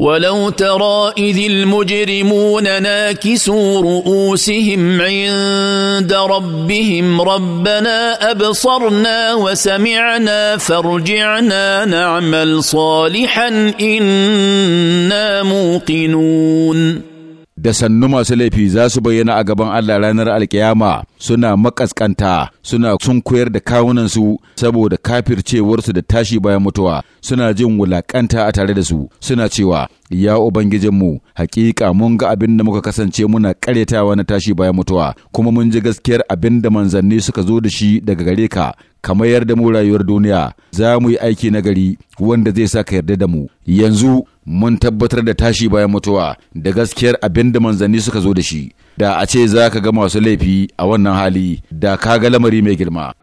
ولو ترى اذ المجرمون ناكسوا رؤوسهم عند ربهم ربنا ابصرنا وسمعنا فارجعنا نعمل صالحا انا موقنون da sannu masu laifi za su bayyana a gaban Allah ranar alkiyama suna makaskanta suna sun koyar da kawunansu saboda kafircewarsu da tashi bayan mutuwa suna jin wulakanta a tare da su suna cewa ya ubangijinmu hakika mun ga abin da muka kasance muna karyatawa na tashi bayan mutuwa kuma mun ji gaskiyar abin da manzanni suka zo da shi daga gare ka kamar mayar da mu rayuwar duniya za mu yi aiki na gari wanda zai sa ka yarda da mu yanzu mun tabbatar da tashi bayan mutuwa da gaskiyar abin da manzanni suka zo da shi da a ce za ka ga masu laifi a wannan hali da ka ga lamari mai girma